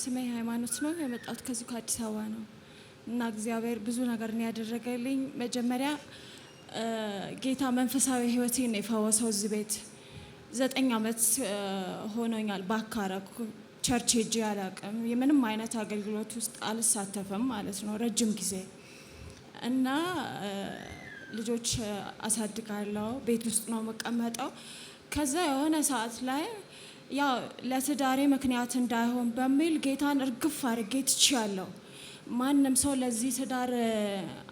ስሜ ሃይማኖት ነው። የመጣሁት ከዚሁ ከአዲስ አበባ ነው እና እግዚአብሔር ብዙ ነገር ነው ያደረገልኝ። መጀመሪያ ጌታ መንፈሳዊ ሕይወቴን ነው የፈወሰው። እዚህ ቤት ዘጠኝ ዓመት ሆኖኛል። ባካረኩ ቸርች ሄጄ አላውቅም። የምንም አይነት አገልግሎት ውስጥ አልሳተፍም ማለት ነው ረጅም ጊዜ እና ልጆች አሳድጋለሁ። ቤት ውስጥ ነው የምቀመጠው። ከዛ የሆነ ሰዓት ላይ ያው ለትዳሬ ምክንያት እንዳይሆን በሚል ጌታን እርግፍ አድርጌ ትቼያለሁ። ማንም ሰው ለዚህ ትዳር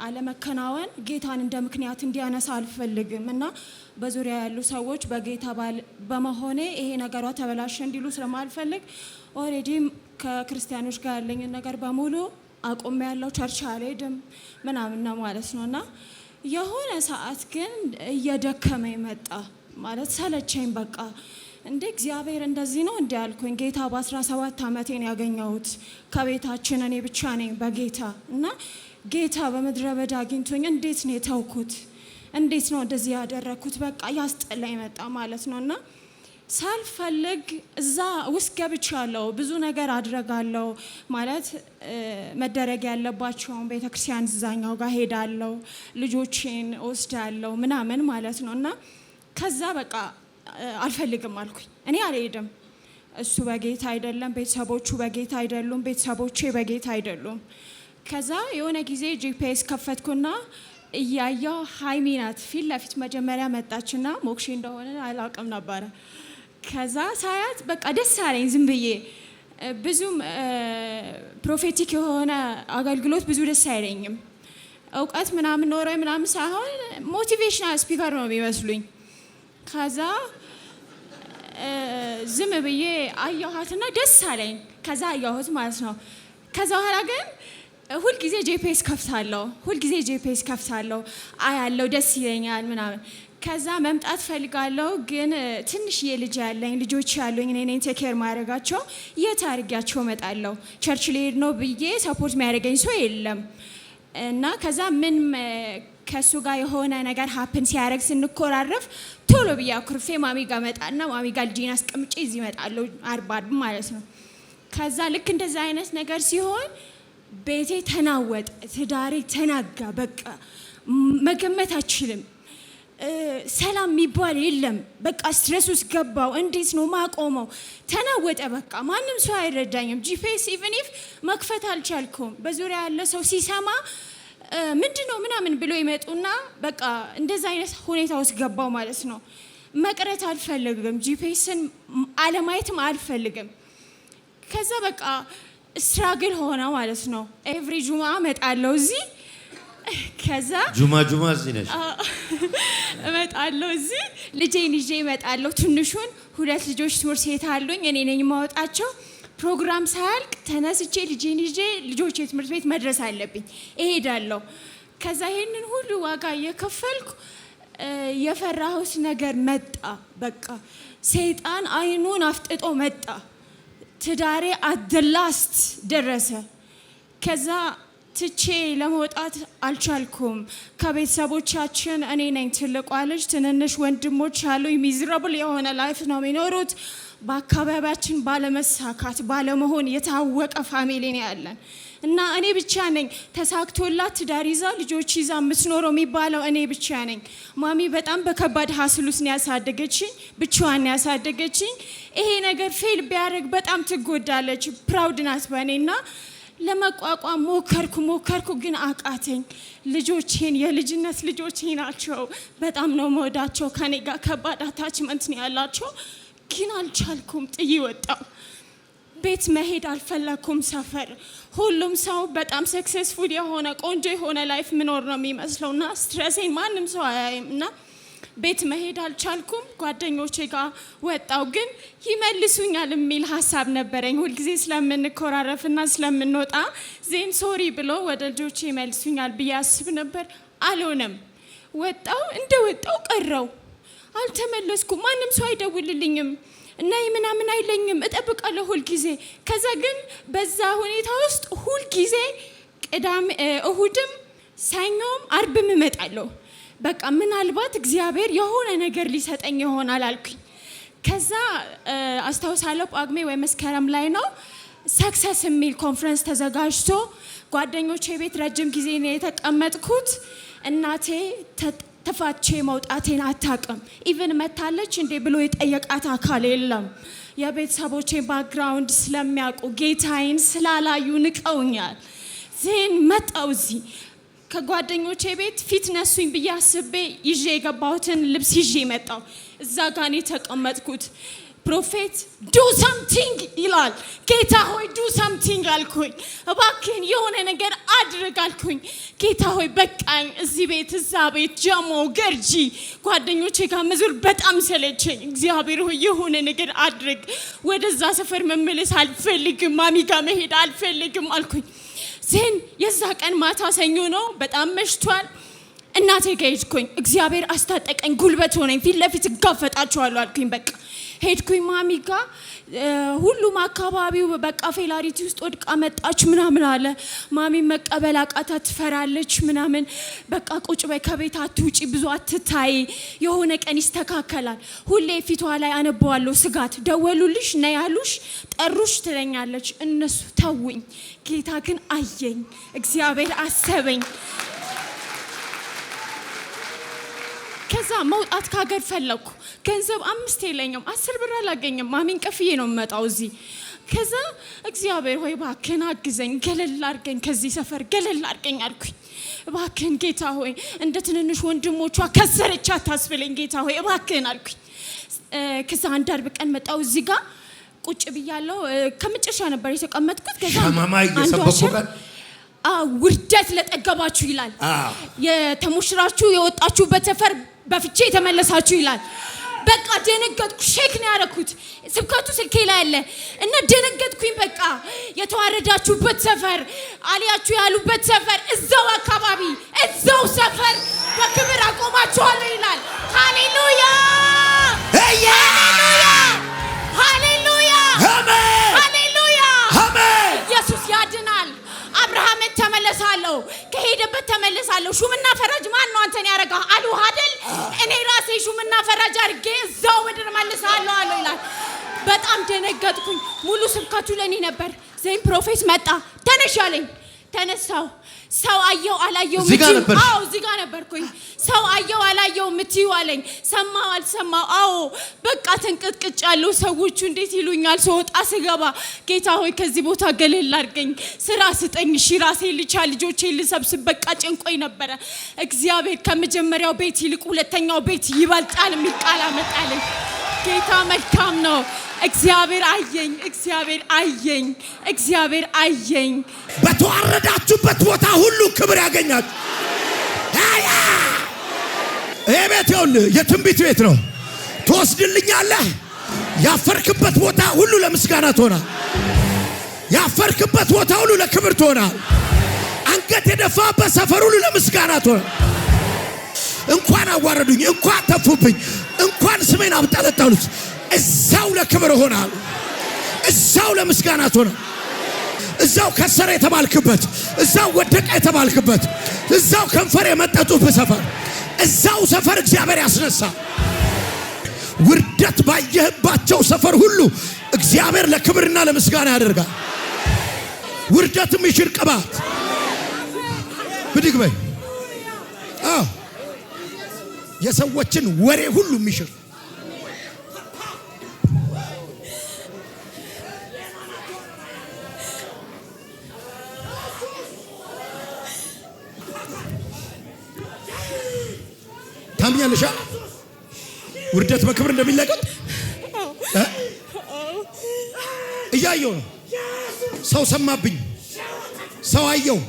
አለመከናወን ጌታን እንደ ምክንያት እንዲያነሳ አልፈልግም እና በዙሪያ ያሉ ሰዎች በጌታ ባል በመሆኔ ይሄ ነገሯ ተበላሸ እንዲሉ ስለማልፈልግ ኦልሬዲ ከክርስቲያኖች ጋር ያለኝን ነገር በሙሉ አቁም ያለው ቸርች አልሄድም ምናምን ነው ማለት ነው እና የሆነ ሰዓት ግን እየደከመ መጣ ማለት ሰለቸኝ በቃ እንደ እግዚአብሔር እንደዚህ ነው እንዲ ያልኩኝ ጌታ በ17 ዓመቴን ያገኘሁት ከቤታችን እኔ ብቻ ነኝ በጌታ እና ጌታ በምድረ በዳ አግኝቶኝ እንዴት ነው የተውኩት? እንዴት ነው እንደዚህ ያደረግኩት? በቃ ያስጠላ ይመጣ ማለት ነው እና ሳልፈልግ እዛ ውስጥ ገብቻለሁ። ብዙ ነገር አድረጋለሁ ማለት መደረግ ያለባቸውን ቤተክርስቲያን እዛኛው ጋር ሄዳለሁ፣ ልጆቼን ወስዳለሁ ምናምን ማለት ነው እና ከዛ በቃ አልፈልግም አልኩኝ። እኔ አልሄድም። እሱ በጌታ አይደለም፣ ቤተሰቦቹ በጌታ አይደሉም፣ ቤተሰቦቼ በጌታ አይደሉም። ከዛ የሆነ ጊዜ ጂፒኤስ ከፈትኩና እያየው ሀይሚ ናት ፊት ለፊት መጀመሪያ መጣችና ሞክሼ እንደሆነ አላውቅም ነበረ። ከዛ ሳያት በቃ ደስ አለኝ ዝም ብዬ። ብዙም ፕሮፌቲክ የሆነ አገልግሎት ብዙ ደስ አይለኝም። እውቀት ምናምን ኖረ ምናምን ሳይሆን ሞቲቬሽናል ስፒከር ነው የሚመስሉኝ ከዛ ዝም ብዬ አየኋትና ደስ አለኝ። ከዛ አየሁት ማለት ነው። ከዛ በኋላ ግን ሁልጊዜ ጄፒኤስ ከፍታለሁ፣ ሁልጊዜ ጄፒኤስ ከፍታለሁ፣ አያለው፣ ደስ ይለኛል ምናምን። ከዛ መምጣት ፈልጋለሁ፣ ግን ትንሽዬ ልጅ ያለኝ ልጆች ያሉኝ እኔን ቴኬር ማድረጋቸው የት አድርጊያቸው እመጣለሁ? ቸርች ልሄድ ነው ብዬ ሰፖርት የሚያደርገኝ ሰው የለም እና ከዛ ምን ከእሱ ጋር የሆነ ነገር ሀፕን ሲያደርግ ስንኮራረፍ ቶሎ ብዬ አኩርፌ ማሚ ጋር መጣና ማሚ ጋር ልጄን አስቀምጬ እዚህ እመጣለሁ፣ አርባድ ማለት ነው። ከዛ ልክ እንደዛ አይነት ነገር ሲሆን ቤቴ ተናወጠ፣ ትዳሬ ተናጋ። በቃ መገመት አችልም። ሰላም የሚባል የለም። በቃ ስትረስ ውስጥ ገባው። እንዴት ነው ማቆመው? ተናወጠ። በቃ ማንም ሰው አይረዳኝም። ጂፒኤስ ኢቨን ኢፍ መክፈት አልቻልኩም። በዙሪያ ያለ ሰው ሲሰማ ምንድን ነው ምናምን ብሎ ይመጡና በቃ እንደዛ አይነት ሁኔታ ውስጥ ገባው ማለት ነው። መቅረት አልፈልግም፣ ጂፒኤስን አለማየትም አልፈልግም። ከዛ በቃ ስትራግል ሆነ ማለት ነው። ኤቭሪ ጁማ እመጣለሁ እዚህ ከዛ ጁማ ጁማ እዚህ ነሽ እመጣለሁ እዚህ ልጄን ይዤ እመጣለሁ። ትንሹን ሁለት ልጆች ትምህርት ቤት አሉኝ፣ እኔ ነኝ የማወጣቸው ፕሮግራም ሳያልቅ ተነስቼ ልጄን ይዤ ልጆች የትምህርት ቤት መድረስ አለብኝ፣ እሄዳለሁ። ከዛ ይህንን ሁሉ ዋጋ እየከፈልኩ የፈራሁት ነገር መጣ። በቃ ሰይጣን አይኑን አፍጥጦ መጣ። ትዳሬ አደላስት ደረሰ። ከዛ ትቼ ለመውጣት አልቻልኩም። ከቤተሰቦቻችን እኔ ነኝ ትልቋ ልጅ፣ ትንንሽ ወንድሞች አሉ። ሚዝረብል የሆነ ላይፍ ነው የሚኖሩት በአካባቢያችን ባለመሳካት ባለመሆን የታወቀ ፋሚሊ ነው ያለን እና እኔ ብቻ ነኝ ተሳክቶላት ትዳር ይዛ ልጆች ይዛ የምትኖረው የሚባለው እኔ ብቻ ነኝ። ማሚ በጣም በከባድ ሀስል ውስጥ ያሳደገችኝ፣ ብቻዋን ያሳደገችኝ። ይሄ ነገር ፌል ቢያደርግ በጣም ትጎዳለች። ፕራውድ ናት በእኔ እና ለመቋቋም ሞከርኩ ሞከርኩ፣ ግን አቃተኝ። ልጆቼን የልጅነት ልጆቼ ናቸው። በጣም ነው መወዳቸው። ከኔ ጋር ከባድ አታችመንት ነው ያላቸው ግን አልቻልኩም፣ ጥዬ ወጣው። ቤት መሄድ አልፈለኩም። ሰፈር ሁሉም ሰው በጣም ሰክሴስፉል የሆነ ቆንጆ የሆነ ላይፍ ምኖር ነው የሚመስለው እና ስትረሴን ማንም ሰው አያይም እና ቤት መሄድ አልቻልኩም። ጓደኞቼ ጋር ወጣው፣ ግን ይመልሱኛል የሚል ሀሳብ ነበረኝ። ሁልጊዜ ስለምንኮራረፍና ስለምንወጣ ዜን ሶሪ ብሎ ወደ ልጆቼ ይመልሱኛል ብዬ አስብ ነበር። አልሆነም። ወጣው እንደ ወጣው ቀረው አልተመለስኩም። ማንም ሰው አይደውልልኝም እና ምናምን አይለኝም። እጠብቃለሁ ሁልጊዜ። ከዛ ግን በዛ ሁኔታ ውስጥ ሁልጊዜ ቅዳሜ፣ እሁድም፣ ሰኞም አርብም እመጣለሁ። በቃ ምናልባት እግዚአብሔር የሆነ ነገር ሊሰጠኝ ይሆናል አልኩኝ። ከዛ አስታውሳለሁ ጳጉሜ ወይ መስከረም ላይ ነው ሰክሰስ የሚል ኮንፈረንስ ተዘጋጅቶ ጓደኞቼ ቤት ረጅም ጊዜ ነው የተቀመጥኩት። እናቴ ተፋቼ መውጣቴን አታቅም። ኢቭን መታለች እንዴ ብሎ የጠየቃት አካል የለም። የቤተሰቦቼን ባክግራውንድ ስለሚያውቁ ጌታዬን ስላላዩ ንቀውኛል። ዜን መጣው እዚህ ከጓደኞቼ ቤት ፊት ነሱኝ ብዬ አስቤ ይዤ የገባሁትን ልብስ ይዤ መጣው። እዛ ጋኔ ተቀመጥኩት። ፕሮፌት ዱ ሳምቲንግ ይላል። ጌታ ሆይ ዱ ሳምቲንግ አልኩኝ። እባክህን የሆነ ነገር አድርግ አልኩኝ። ጌታ ሆይ በቃኝ፣ እዚህ ቤት፣ እዛ ቤት፣ ጀሞ፣ ገርጂ ጓደኞቼ ጋር መዞር በጣም ሰለቸኝ። እግዚአብሔር ሆይ የሆነ ነገር አድርግ፣ ወደዛ ሰፈር መመለስ አልፈልግም፣ ማሚ ጋር መሄድ አልፈልግም አልኩኝ። ዜን የዛ ቀን ማታ ሰኞ ነው፣ በጣም መሽቷል። እናቴ ጋ ሄድኩኝ። እግዚአብሔር አስታጠቀኝ፣ ጉልበት ሆነኝ። ፊት ለፊት እጋፈጣችኋለሁ አልኩኝ። በቃ ሄድኩኝ ማሚ ጋ። ሁሉም አካባቢው በቃ ፌላሪቲ ውስጥ ወድቃ መጣች ምናምን አለ። ማሚ መቀበል አቃታ፣ ትፈራለች ምናምን። በቃ ቁጭ በይ፣ ከቤት አትውጪ፣ ብዙ አትታይ፣ የሆነ ቀን ይስተካከላል። ሁሌ ፊቷ ላይ አነበዋለሁ ስጋት። ደወሉልሽ፣ ነያሉሽ ያሉሽ፣ ጠሩሽ ትለኛለች። እነሱ ተውኝ። ጌታ ግን አየኝ፣ እግዚአብሔር አሰበኝ። ከዛ መውጣት ከሀገር ፈለግኩ። ገንዘብ አምስት የለኝም፣ አስር ብር አላገኝም። ማሚን ቀፍዬ ነው የምመጣው እዚህ። ከዛ እግዚአብሔር ሆይ እባክህን አግዘኝ፣ ገለል አድርገኝ፣ ከዚህ ሰፈር ገለል አድርገኝ አልኩኝ። እባክህን ጌታ ሆይ እንደ ትንንሽ ወንድሞቿ ከሰረች አታስብለኝ ጌታ ሆይ እባክህን አልኩኝ። ከዛ አንድ አርብ ቀን መጣው እዚህ ጋር ቁጭ ብያለው። ከመጨረሻ ነበር የተቀመጥኩት። ውርደት ለጠገባችሁ ይላል የተሞሽራችሁ የወጣችሁበት ሰፈር በፍቼ የተመለሳችሁ ይላል። በቃ ደነገጥኩ። ሼክ ነው ያደረኩት። ስብከቱ ስልኬ ላይ አለ እና ደነገጥኩኝ። በቃ የተዋረዳችሁበት ሰፈር አሊያችሁ ያሉበት ሰፈር እዛው አካባቢ እዛው ሰፈር በክብር አቆማችኋለሁ ይላል። ሃሌሉያ ሃሌሉያ ሃሌሉያ እመለሳለሁ፣ ከሄደበት ተመለሳለሁ። ሹምና ፈራጅ ማን ነው አንተን ያረጋ አሉ አይደል? እኔ ራሴ ሹምና ፈራጅ አድርጌ እዛው ምድር መልሳለሁ አለው ይላል። በጣም ደነገጥኩኝ። ሙሉ ስብከቱ ለእኔ ነበር። ዘይም ፕሮፌስ መጣ። ተነሻለኝ ተነሳው ሰው አየው አላየው ምትዩ እዚህ ጋር ነበርኩኝ። ሰው አየው አላየው ምትዩ አለኝ። ሰማው አልሰማው አዎ በቃ ተንቀጥቅጭ ያለው ሰዎቹ እንዴት ይሉኛል ስወጣ ስገባ፣ ጌታ ሆይ ከዚህ ቦታ ገለል አድርገኝ፣ ስራ ስጠኝ፣ እሺ ራሴ ልቻ ልጆቼ ልሰብስብ፣ በቃ ጭንቆኝ ነበረ። እግዚአብሔር ከመጀመሪያው ቤት ይልቅ ሁለተኛው ቤት ይበልጣል የሚል ቃል አመጣልኝ። ጌታ መልካም ነው። እግዚአብሔር አየኝ፣ እግዚአብሔር አየኝ፣ እግዚአብሔር አየኝ። በተዋረዳችሁበት ቦታ ሁሉ ክብር ያገኛችሁ። ይህ ቤት ይኸውልህ የትንቢት ቤት ነው። ትወስድልኛለህ። ያፈርክበት ቦታ ሁሉ ለምስጋና ትሆናል። ያፈርክበት ቦታ ሁሉ ለክብር ትሆናል። አንገት የደፋበት ሰፈር ሁሉ ለምስጋና ትሆናል። እንኳን አዋረዱኝ፣ እንኳን ተፉብኝ፣ እንኳን ስሜን አብጠለጠሉት እዛው ለክብር ሆናል። እዛው ለምስጋና ሆነ። እዛው ከሰረ የተባልክበት፣ እዛው ወደቀ የተባልክበት፣ እዛው ከንፈር የመጠጡበት ሰፈር፣ እዛው ሰፈር እግዚአብሔር ያስነሳ። ውርደት ባየህባቸው ሰፈር ሁሉ እግዚአብሔር ለክብርና ለምስጋና ያደርጋል። ውርደት የሚሽር ቅባት ብድግ በይ። የሰዎችን ወሬ ሁሉ የሚሽር ታምኛለሽ? ውርደት በክብር እንደሚለቀቅ እያየው ነው። ሰው ሰማብኝ፣ ሰው አየው።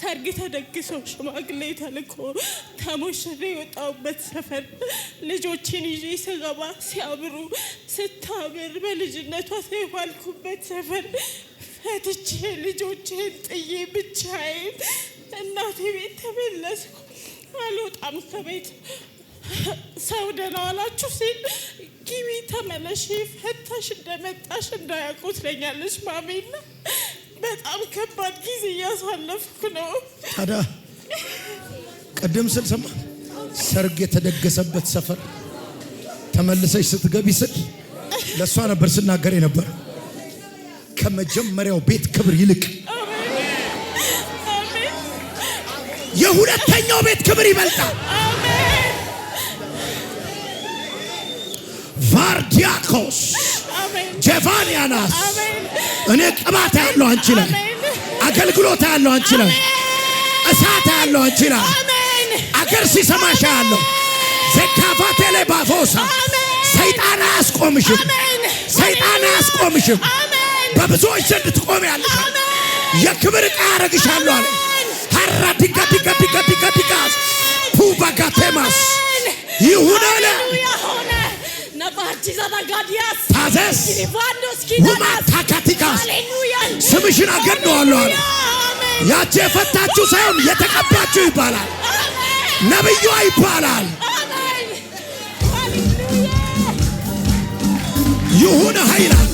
ሰርግ ተደግሶ ሽማግሌ ተልኮ ተሞሸር የወጣሁበት ሰፈር ልጆችን ይዤ ስገባ ሲያምሩ ስታምር በልጅነቷ የባልኩበት ሰፈር ፈትቼ ልጆችን ጥዬ ብቻዬን እናቴ ቤት ተመለስኩ። አልወጣም ከቤት ሰው ደህና ዋላችሁ ሲል ጊቢ ተመለሽ ፈታሽ እንደመጣሽ እንዳያውቁ ትለኛለች ማሜና በጣም ከባድ ጊዜ እያሳለፍኩ ነው ታዲያ ቅድም ስል ሰማ ሰርግ የተደገሰበት ሰፈር ተመልሰሽ ስትገቢ ስል ለእሷ ነበር ስናገር የነበር ከመጀመሪያው ቤት ክብር ይልቅ የሁለተኛው ቤት ክብር ይበልጣል። ቫርዲያኮስ ጀቫንያናስ እኔ ቅባት ያለው አንቺ ላይ አገልግሎት ያለው አንቺ ላይ እሳት ያለው አንቺ ላይ ነገር ሲሰማሻለሁ። ዘካፋቴሌ ባፎሳ ሰይጣን አያስቆምሽም። ሰይጣን አያስቆምሽም። በብዙዎች ዘንድ ትቆም ያለሽ የክብር ዕቃ ያረግሻለሁ አለ ሀራ ዲጋ ዲጋ ዲጋ ዲጋ ዲጋ ፑባጋቴማስ ይሁን አለ ታዘዝ ውማ ታካቲካስ ስምሽን አገድነዋለሁ አለ ያቺ የፈታችሁ ሳይሆን የተቀባችሁ ይባላል። ነብዩ ይባላል። ይሁን ኃይላል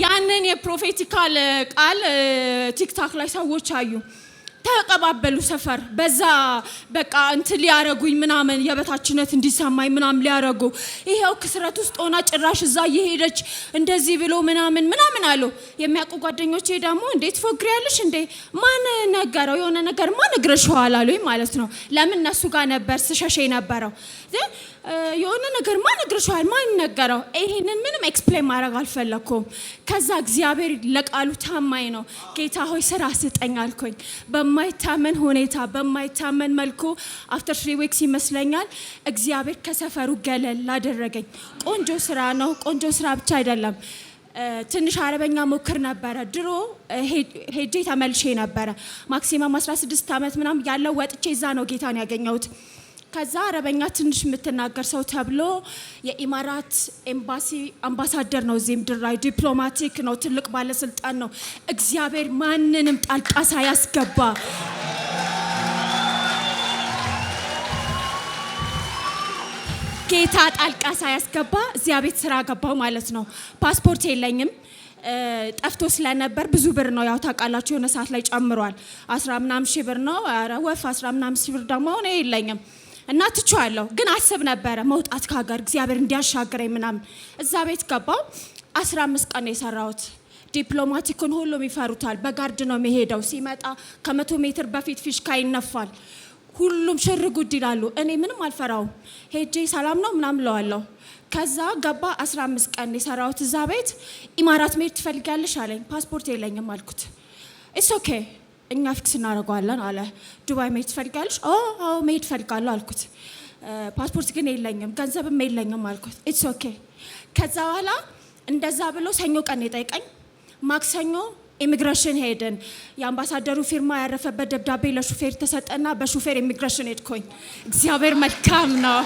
ያንን የፕሮፌቲካል ቃል ቲክታክ ላይ ሰዎች አዩ። ተቀባበሉ ሰፈር በዛ በቃ እንት ሊያረጉኝ ምናምን የበታችነት እንዲሰማኝ ምናምን ሊያረጉ ይሄው ክስረት ውስጥ ሆና ጭራሽ እዛ እየሄደች እንደዚህ ብሎ ምናምን ምናምን አሉ የሚያውቁ ጓደኞቼ ደግሞ እንዴት ትፎግሪያለሽ እንዴ ማን ነገረው የሆነ ነገር ማን ኋላ አሉኝ ማለት ነው ለምን እነሱ ጋር ነበር ስሸሽ የነበረው የሆነ ነገር ማን ነግርሻል? ማን ይነገረው ይሄንን ምንም ኤክስፕሌን ማድረግ አልፈለግኩም። ከዛ እግዚአብሔር ለቃሉ ታማኝ ነው። ጌታ ሆይ ስራ ስጠኝ አልኩኝ። በማይታመን ሁኔታ በማይታመን መልኩ አፍተር ስሪ ዊክስ ይመስለኛል እግዚአብሔር ከሰፈሩ ገለል ላደረገኝ ቆንጆ ስራ ነው። ቆንጆ ስራ ብቻ አይደለም። ትንሽ አረበኛ ሞክር ነበረ። ድሮ ሄጄ ተመልሼ ነበረ። ማክሲመም 16 ዓመት ምናም ያለው ወጥቼ እዛ ነው ጌታን ያገኘሁት። ከዛ አረበኛ ትንሽ የምትናገር ሰው ተብሎ የኢማራት ኤምባሲ አምባሳደር ነው እዚህ ምድር ላይ ዲፕሎማቲክ ነው፣ ትልቅ ባለስልጣን ነው። እግዚአብሔር ማንንም ጣልቃ ሳያስገባ ጌታ ጣልቃ ሳያስገባ እዚያ ቤት ስራ ገባው ማለት ነው። ፓስፖርት የለኝም ጠፍቶ ስለነበር ብዙ ብር ነው ያው ታውቃላችሁ፣ የሆነ ሰዓት ላይ ጨምሯል። አስራ ምናምን ሺህ ብር ነው ወፍ አስራ ምናምን ሺህ ብር ደግሞ እኔ የለኝም እና ትቼዋለሁ። ግን አስብ ነበረ መውጣት ከሀገር እግዚአብሔር እንዲያሻግረኝ ምናምን። እዛ ቤት ገባው። 15 ቀን የሰራውት የሰራሁት። ዲፕሎማቲኩን ሁሉም ይፈሩታል። በጋርድ ነው የሚሄደው። ሲመጣ ከመቶ ሜትር በፊት ፊሽካ ይነፋል። ሁሉም ሽር ጉድ ይላሉ። እኔ ምንም አልፈራውም። ሄጄ ሰላም ነው ምናምን ለዋለሁ። ከዛ ገባ 15 ቀን የሰራሁት እዛ ቤት። ኢማራት መሄድ ትፈልጊያለሽ አለኝ። ፓስፖርት የለኝም አልኩት። ኢትስ ኦኬ እኛ ፊክስ እናደርገዋለን አለ። ዱባይ መሄድ ትፈልጋለሽ? አዎ መሄድ እፈልጋለሁ አልኩት። ፓስፖርት ግን የለኝም ገንዘብም የለኝም አልኩት። ኢትስ ኦኬ። ከዛ በኋላ እንደዛ ብሎ ሰኞ ቀን የጠይቀኝ ማክሰኞ ኢሚግሬሽን ሄድን። የአምባሳደሩ ፊርማ ያረፈበት ደብዳቤ ለሹፌር ተሰጠና በሹፌር ኢሚግሬሽን ሄድኩኝ። እግዚአብሔር መልካም ነው።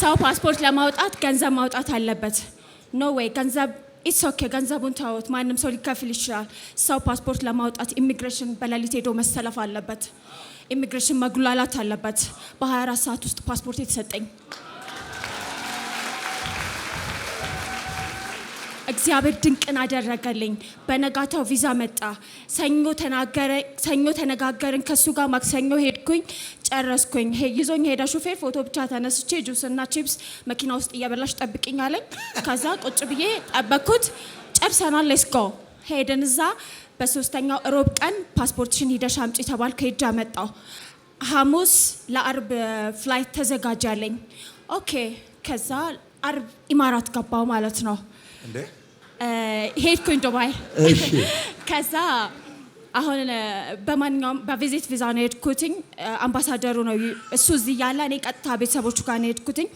ሰው ፓስፖርት ለማውጣት ገንዘብ ማውጣት አለበት። ኖ ወይ ገንዘብ ኢትስ ኦኬ ገንዘቡን ተወት። ማንም ሰው ሊከፍል ይችላል። ሰው ፓስፖርት ለማውጣት ኢሚግሬሽን በሌሊት ሄዶ መሰለፍ አለበት። ኢሚግሬሽን መጉላላት አለበት። በ24 ሰዓት ውስጥ ፓስፖርት የተሰጠኝ እግዚአብሔር ድንቅን አደረገልኝ። በነጋታው ቪዛ መጣ። ሰኞ ተናገረ ሰኞ ተነጋገርን ከሱ ጋር ማክሰኞ ሄድኩኝ፣ ጨረስኩኝ። ይዞኝ ሄደ ሹፌር። ፎቶ ብቻ ተነስቼ ጁስና ቺፕስ መኪና ውስጥ እየበላሽ ጠብቅኝ አለኝ። ከዛ ቁጭ ብዬ ጠበቅኩት። ጨርሰናል፣ ሌስኮ ሄደን እዛ በሶስተኛው ሮብ ቀን ፓስፖርትሽን ሂደሽ አምጪ ተባልኩ። ሄጄ አመጣሁ። ሐሙስ ለአርብ ፍላይት ተዘጋጃለኝ። ኦኬ ከዛ አርብ ኢማራት ገባው ማለት ነው እንዴ ሄድኩኝ ዱባይ። ከዛ አሁን በማንኛውም በቪዚት ቪዛ ነው ሄድኩትኝ። አምባሳደሩ ነው እሱ እዚህ እያለ እኔ ቀጥታ ቤተሰቦቹ ጋር ነው ሄድኩትኝ።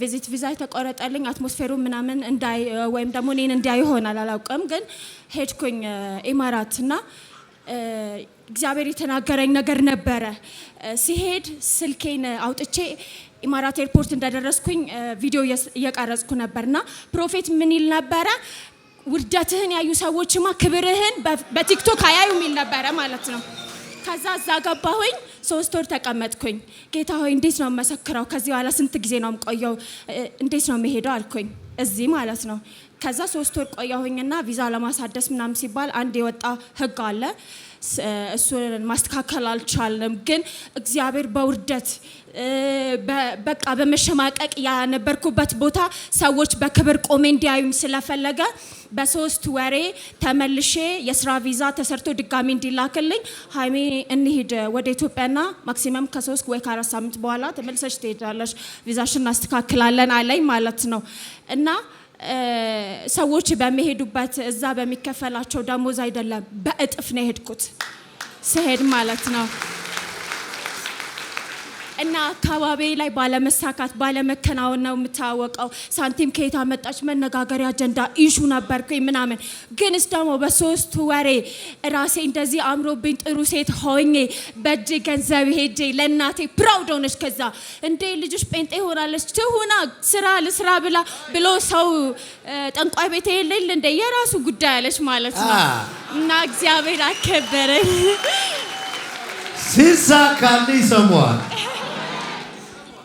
ቪዚት ቪዛ የተቆረጠልኝ አትሞስፌሩ ምናምን እንዳይ ወይም ደግሞ እኔን እንዲያ ይሆናል አላውቅም፣ ግን ሄድኩኝ ኢማራት እና እግዚአብሔር የተናገረኝ ነገር ነበረ። ሲሄድ ስልኬን አውጥቼ ኢማራት ኤርፖርት እንደደረስኩኝ ቪዲዮ እየቀረጽኩ ነበርና ፕሮፌት ምን ይል ነበረ? ውርደትህን ያዩ ሰዎችማ ክብርህን በቲክቶክ አያዩ የሚል ነበረ ማለት ነው። ከዛ እዛ ገባሁኝ። ሶስት ወር ተቀመጥኩኝ። ጌታ ሆይ እንዴት ነው መሰክረው? ከዚህ በኋላ ስንት ጊዜ ነው የምቆየው? እንዴት ነው የምሄደው አልኩኝ። እዚህ ማለት ነው ከዛ ሶስት ወር ቆያሁኝና ቪዛ ለማሳደስ ምናም ሲባል አንድ የወጣ ህግ አለ። እሱን ማስተካከል አልቻለም። ግን እግዚአብሔር በውርደት በቃ በመሸማቀቅ ያነበርኩበት ቦታ ሰዎች በክብር ቆሜ እንዲያዩኝ ስለፈለገ በሶስት ወሬ ተመልሼ የስራ ቪዛ ተሰርቶ ድጋሚ እንዲላክልኝ ሀይሜ እንሂድ ወደ ኢትዮጵያና ማክሲመም ከሶስት ወይ ከአራት ሳምንት በኋላ ተመልሰች ትሄዳለች ቪዛሽ እናስተካክላለን አለኝ ማለት ነው እና ሰዎች በሚሄዱበት እዛ በሚከፈላቸው ደሞዝ አይደለም፣ በእጥፍ ነው የሄድኩት ስሄድ ማለት ነው። እና አካባቢ ላይ ባለመሳካት ባለመከናወን ነው የምታወቀው። ሳንቲም ከየት አመጣች መነጋገሪያ አጀንዳ ኢሹ ነበርኩኝ ምናምን። ግንስ ደግሞ በሶስቱ ወሬ ራሴ እንደዚህ አምሮብኝ ጥሩ ሴት ሆኜ በእጄ ገንዘብ ሄጄ ለእናቴ ፕራውድ ሆነች። ከዛ እንዴ ልጆች ጴንጤ ሆናለች ትሁና ስራ ልስራ ብላ ብሎ ሰው ጠንቋይ ቤት የሌል እንደ የራሱ ጉዳይ አለች ማለት ነው። እና እግዚአብሔር አከበረኝ ሲሳካልኝ ሰሟል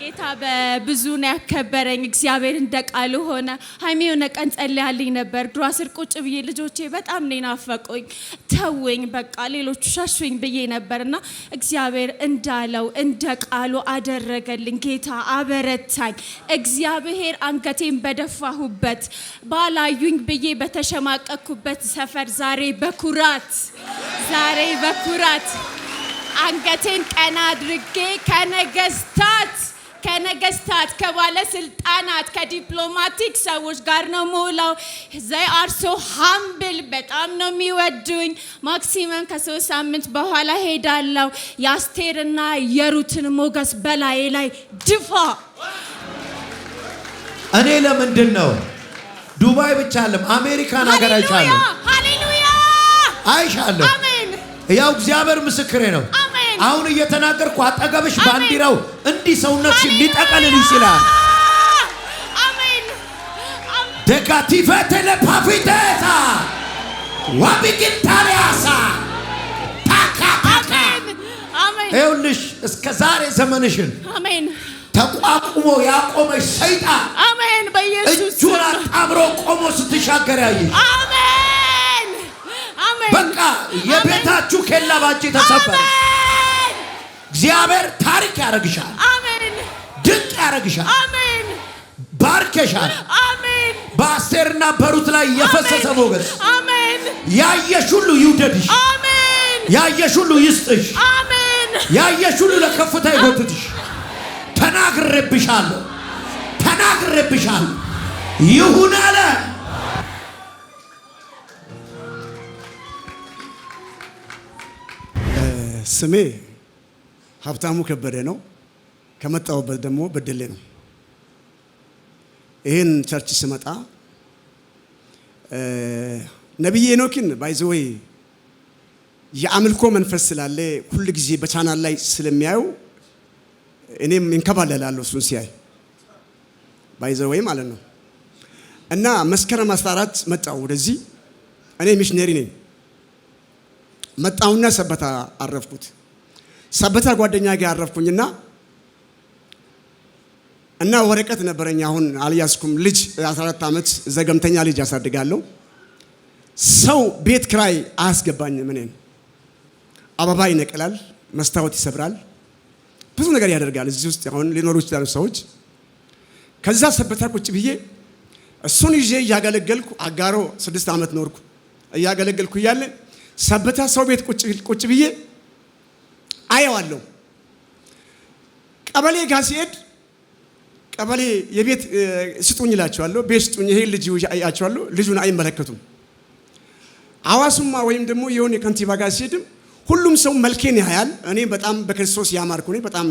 ጌታ በብዙ ነው ያከበረኝ። እግዚአብሔር እንደ ቃሉ ሆነ። ሀይሜ የሆነ ቀን ጸልያልኝ ነበር። ድሮ አስር ቁጭ ብዬ ልጆቼ በጣም ነው ናፈቁኝ፣ ተወኝ፣ በቃ ሌሎቹ ሸሹኝ ብዬ ነበር እና እግዚአብሔር እንዳለው እንደ ቃሉ አደረገልኝ። ጌታ አበረታኝ። እግዚአብሔር አንገቴን በደፋሁበት ባላዩኝ ብዬ በተሸማቀኩበት ሰፈር ዛሬ በኩራት ዛሬ በኩራት አንገቴን ቀና አድርጌ ከነገስታት ከነገስታት፣ ከባለስልጣናት፣ ከዲፕሎማቲክ ሰዎች ጋር ነው መውላው። ዘይ አርሶ ሀምብል በጣም ነው የሚወዱኝ። ማክሲመም ከሶስት ሳምንት በኋላ ሄዳለው። የአስቴርና የሩትን ሞገስ በላዬ ላይ ድፋ። እኔ ለምንድን ነው ዱባይ ብቻ አለም አሜሪካን ሀገር አይቻለሁ፣ አይሻለሁ። ያው እግዚአብሔር ምስክሬ ነው። አሁን እየተናገርኩ አጠገብሽ ባንዲራው እንዲህ ሰውነትሽ ሊጠቀልል ይችላል። ደጋቲፈ ቴሌፓፊቴታ ዋቢግን ታሪያሳ ታካታካ ይኸውልሽ እስከ ዛሬ ዘመንሽን ተቋቁሞ ያቆመሽ ሰይጣን አሜን። በኢየሱስ እጁን አጣምሮ ቆሞ ስትሻገር ያየሽ አሜን። በቃ የቤታችሁ ኬላ ባንቺ ተሰበረ። እግዚአብሔር ታሪክ ያደርግሻል። አሜን። ድንቅ ያደርግሻል። አሜን። ባርከሻል። አሜን። በአስቴርና በሩት ላይ የፈሰሰ ሞገስ አሜን። ያየሽ ሁሉ ይውደድሽ። አሜን። ያየሽ ሁሉ ይስጥሽ። አሜን። ያየሽ ሁሉ ለከፍታ ይጎትትሽ። ተናግሬብሻለሁ፣ ተናግሬብሻለሁ። ይሁን አለ። ስሜ ሀብታሙ ከበደ ነው። ከመጣሁበት ደግሞ በደሌ ነው። ይህን ቸርች ስመጣ ነቢይ ኖኪን ባይዘወይ የአምልኮ መንፈስ ስላለ ሁል ጊዜ በቻናል ላይ ስለሚያዩ እኔም እንከባለላለሁ እሱን ሲያይ ባይዘወይ ማለት ነው። እና መስከረም 14 መጣው ወደዚህ። እኔ ሚሽነሪ ነኝ። መጣሁና ሰበታ አረፍኩት። ሰበታ ጓደኛ ጋር ያረፍኩኝና እና ወረቀት ነበረኝ። አሁን አልያዝኩም። ልጅ 14 ዓመት ዘገምተኛ ልጅ ያሳድጋለሁ። ሰው ቤት ክራይ አያስገባኝም። እኔን አበባ ይነቅላል፣ መስታወት ይሰብራል፣ ብዙ ነገር ያደርጋል። እዚህ ውስጥ አሁን ሊኖሩ ይችላሉ ሰዎች። ከዛ ሰበታ ቁጭ ብዬ እሱን ይዤ እያገለገልኩ አጋሮ ስድስት ዓመት ኖርኩ። እያገለገልኩ እያለ ሰበታ ሰው ቤት ቁጭ ብዬ አየዋለሁ። ቀበሌ ጋር ሲሄድ ቀበሌ የቤት ስጡኝ እላቸዋለሁ። ቤት ስጡኝ ይሄ ልጅ ያቸዋለሁ። ልጁን አይመለከቱም። አዋሱማ ወይም ደግሞ የሆነ የከንቲባ ጋር ሲሄድም ሁሉም ሰው መልኬን ያያል። እኔ በጣም በክርስቶስ ያማርኩ ነኝ። በጣም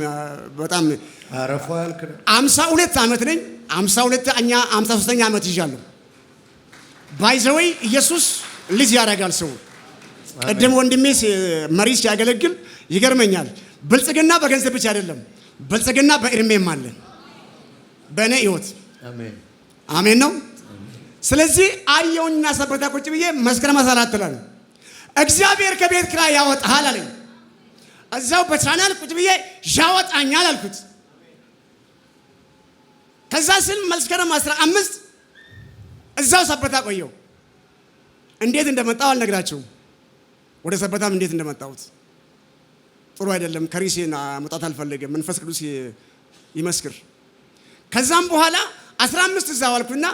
በጣም አምሳ ሁለት ዓመት ነኝ። አምሳ ሁለተኛ አምሳ ሶስተኛ ዓመት ይዣለሁ። ባይዘወይ ኢየሱስ ልጅ ያደርጋል ሰው ቅድም ወንድሜ መሪ ሲያገለግል ይገርመኛል። ብልጽግና በገንዘብ ብቻ አይደለም፣ ብልጽግና በእድሜም አለ። በእኔ ህይወት አሜን ነው። ስለዚህ አየውና ሰበታ ቁጭ ብዬ መስከረም አሳራት እግዚአብሔር ከቤት ኪራይ ያወጣሃል አለኝ። እዛው በቻናል ቁጭ ብዬ ያወጣኛል አልኩት። ከዛ ስል መስከረም አስራ አምስት እዛው ሰበታ ቆየው። እንዴት እንደመጣው አልነግራችሁም። ወደ ሰበታም እንዴት እንደመጣሁት ጥሩ አይደለም። ከሪሴ መውጣት አልፈለገም። መንፈስ ቅዱስ ይመስክር። ከዛም በኋላ 15 እዛ አልኩና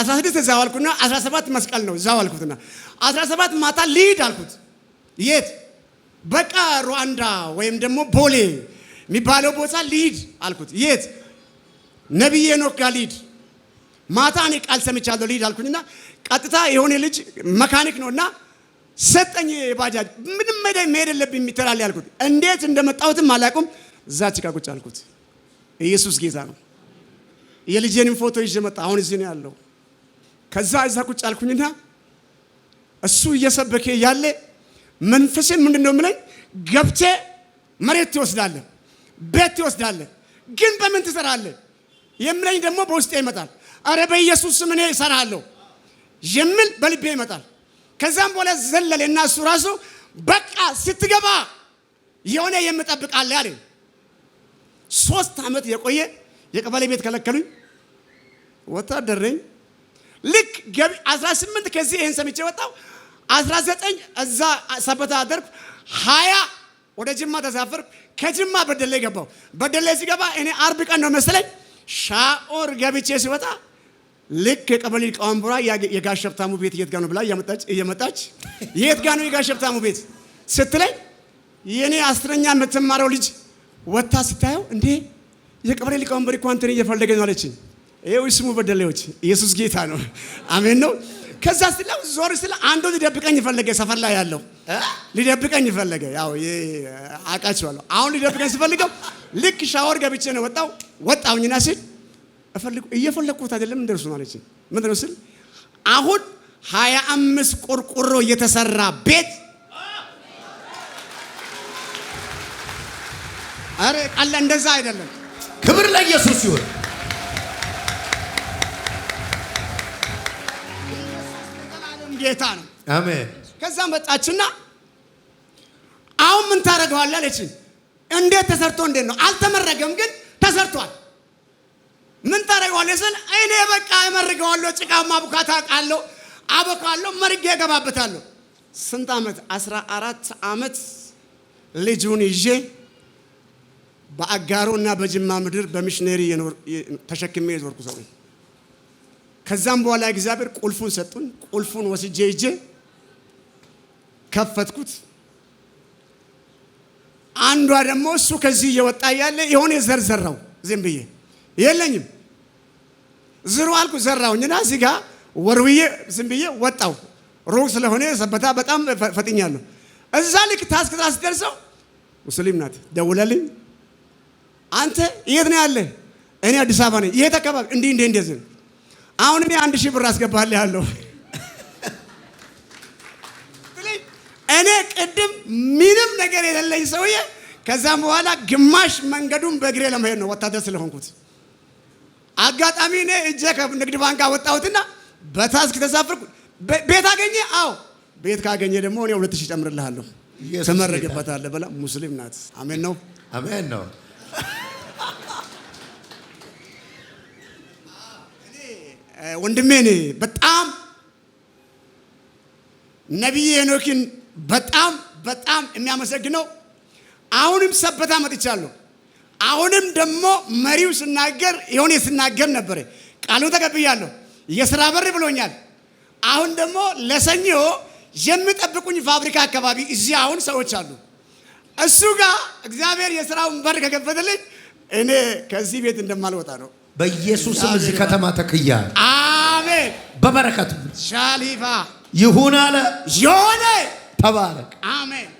16 እዛው ዋልኩና 17 መስቀል ነው እዛው አልኩትና 17 ማታ ልሂድ አልኩት። የት በቃ ሩዋንዳ ወይም ደግሞ ቦሌ የሚባለው ቦታ ልሂድ አልኩት። የት ነቢዬ ኖክ ጋር ልሂድ ማታ እኔ ቃል ሰምቻለሁ ልሂድ አልኩኝና ቀጥታ የሆነ ልጅ መካኒክ ነው እና ሰጠኝ ባጃጅ ምንም መዳይ መሄድ የለብኝ የሚተላል ያልኩት እንዴት እንደመጣሁትም አላውቅም። እዛ ጭቃ ቁጭ አልኩት። ኢየሱስ ጌታ ነው። የልጄንም ፎቶ ይዤ መጣ። አሁን እዚህ ነው ያለው። ከዛ እዛ ቁጭ አልኩኝና እሱ እየሰበከ ያለ መንፈሴ ምንድን ነው የምለኝ፣ ገብቼ መሬት ትወስዳለህ፣ ቤት ትወስዳለ ግን በምን ትሰራለህ የምለኝ ደግሞ በውስጤ ይመጣል። አረ በኢየሱስ ስም እኔ እሰራለሁ የሚል በልቤ ይመጣል። ከዛም በኋላ ዘለለ እና እሱ ራሱ በቃ ስትገባ የሆነ የምጠብቃለ አለ። ሶስት ዓመት የቆየ የቀበሌ ቤት ከለከሉኝ። ወታደር ነኝ። ልክ ገቢ 18 ከዚህ ይህን ሰምቼ ወጣሁ። 19 እዛ ሰበታ አደርኩ። 20 ወደ ጅማ ተሳፈርኩ። ከጅማ በደሌ ገባሁ። በደሌ ሲገባ እኔ አርብ ቀን ነው መሰለኝ ሻኦር ገብቼ ሲወጣ ልክ የቀበሌ ሊቀመንበሯ የጋሽ ሀብታሙ ቤት የት ጋ ነው ብላ እየመጣች የት ጋ ነው የጋሽ ሀብታሙ ቤት ስትለኝ የእኔ አስረኛ የምትማረው ልጅ ወታ ስታየው እንዴ የቀበሌ ሊቀመንበር እኮ አንተን እየፈለገኝ ነው አለችኝ። ይኸው ስሙ በደሌዎች ኢየሱስ ጌታ ነው፣ አሜን ነው። ከዛ ስለው ዞር ስለ አንዱ ሊደብቀኝ ይፈለገ ሰፈር ላይ ያለው ሊደብቀኝ ይፈለገ ያው አውቃቸዋለሁ። አሁን ሊደብቀኝ ስፈልገው ልክ ሻወር ገብቼ ነው ወጣው ወጣውኝና ሲል እየፈለግኩት አይደለም እንደርሱ ማለች ምንድን ስል አሁን ሀያ አምስት ቆርቆሮ የተሰራ ቤት አረ ቃል እንደዛ አይደለም። ክብር ለኢየሱስ ይሁን። ጌታ ነው። አሜን። ከዛም መጣችና አሁን ምን ታደርገዋለህ አለችኝ። እንዴት ተሰርቶ እንዴት ነው? አልተመረገም ግን ተሰርቷል። ምን ታደርገዋለህ ስል እኔ በቃ እመርገዋለሁ። ጭቃማ ቡካታ ቃለሁ አበቃለሁ፣ መርጌ እገባበታለሁ። ስንት ዓመት? አስራ አራት ዓመት ልጁን ይዤ በአጋሮ እና በጅማ ምድር በሚሽነሪ ተሸክሜ የዞርኩ ሰው ነኝ። ከዛም በኋላ እግዚአብሔር ቁልፉን ሰጡን። ቁልፉን ወስጄ ይዤ ከፈትኩት። አንዷ ደግሞ እሱ ከዚህ እየወጣ እያለ የሆነ የዘርዘራው ዝም ብዬ የለኝም ዝሩ አልኩ ዘራውኝና እዚህ ጋ ወርውዬ ዝም ብዬ ወጣው። ሩቅ ስለሆነ ሰበታ በጣም ፈጥኛለሁ። እዛ ልክ ታስክ ታስ ደርሰው ሙስሊም ናት ደውለልኝ። አንተ የት ነው ያለ? እኔ አዲስ አበባ ነኝ። የት አካባቢ? እንዲህ እንዲህ እንደዚህ ነው። አሁን እኔ አንድ ሺህ ብር አስገባለሁ ያለሁ እኔ ቅድም ምንም ነገር የሌለኝ ሰውዬ ከዛም በኋላ ግማሽ መንገዱን በእግሬ ለመሄድ ነው ወታደር ስለሆንኩት አጋጣሚ እኔ እጄ ከንግድ ባንክ አወጣሁትና በታስክ ተሳፍርኩ። ቤት አገኘ። አዎ ቤት ካገኘ ደግሞ እኔ ሁለት ሺህ ጨምርልሃለሁ ተመረቅበታለህ ብላ ሙስሊም ናት። አሜን ነው አሜን ነው። ወንድሜን በጣም ነቢይ ሄኖክን በጣም በጣም የሚያመሰግነው አሁንም ሰበታ መጥቻለሁ አሁንም ደግሞ መሪው ስናገር የሆነ ስናገር ነበር። ቃሉ ተቀብያለሁ። የስራ በር ብሎኛል። አሁን ደግሞ ለሰኞ የሚጠብቁኝ ፋብሪካ አካባቢ እዚህ አሁን ሰዎች አሉ። እሱ ጋር እግዚአብሔር የስራውን በር ከከፈተልኝ እኔ ከዚህ ቤት እንደማልወጣ ነው። በኢየሱስም እዚህ ከተማ ተክያ። አሜን። በበረከቱ ሻሊፋ ይሁን አለ። የሆነ ተባረክ። አሜን።